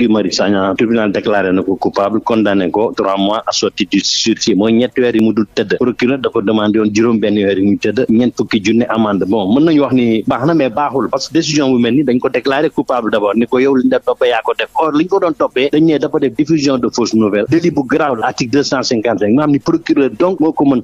Guy Marius Sagna tribunal na ko coupable condamné ko trois mois assorti du sursis mooy ñetti weer mu dul tëdd procureur da ko demandé juróom benn weer mu tëdd ñeent fukki junne amende bon mën nañu wax ni baax na mais baaxul parce que décision bu mel ni dañ ko déclaré coupable d'abord ni ko yow liñ da toppee yaa ko def or liñ ko doon toppee dañ ne dafa def diffusion de fausse nouvelle délit bu grave article deux cent ni procureur donc moo ko mën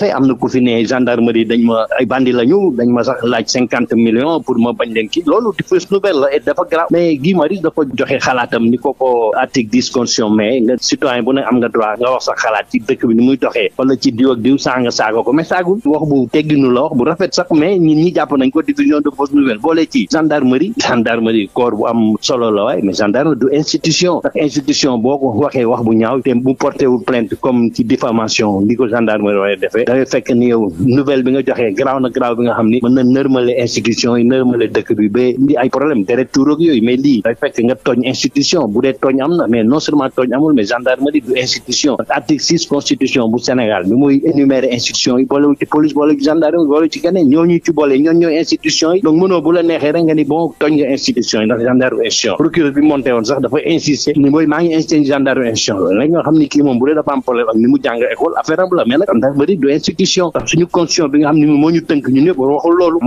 jafe-jafe am na ku fi ne gendarmerie dañ ma ay bandi lañu dañ ma sax laaj cinquante millions pour ma bañ leen ki loolu di fausse nouvelle la et dafa grave mais Guy Marius dafa joxe xalaatam ni ko ko article dix constitution mais nga citoyen bu ne am nga droit nga wax sa xalaat ci dëkk bi ni muy doxee wala ci diw ak diw saa nga saaga ko mais saagul wax bu tegginu la wax bu rafet sax mais ñi ñi jàpp nañ ko division de fausse nouvelle boole ci gendarmerie gendarmerie corps bu am solo la waaye mais gendarme du institution ndax institution boo ko wax bu ñaaw te bu porté wul plainte comme ci diffamation li gendarmerie waaye dafay fekk ni yow nouvelle bi nga joxee garaaw na garaaw bi nga xam ni mën na nërmale institution yi nërmale dëkk bi ba indi ay problème deret tuuroog yooyu mais lii dafay fekk nga tooñ institution bu dee tooñ am na mais non seulement tooñ amul mais gendarmerie du institution article six constitution bu Sénégal bi muy énumérer institution yi boolewu ci police boolewu ci gendarmerie boolewu ci keneen ñooñu ci boole ñoon ñooy institution yi donc mënoo bu la neexee rek nga ni bon tooñ nga institution yi ndax gendarme institution procureur bi monté woon sax dafa insister ni mooy maa ngi insister gendarme institution la nga xam ni kii moom bu dee dafa am problème ak ni mu jàng école affaire am la mais nag gendarmerie institution ndax suñu constitution bi nga xam ne moo ñu tënk ñu ñëpp waxul loolu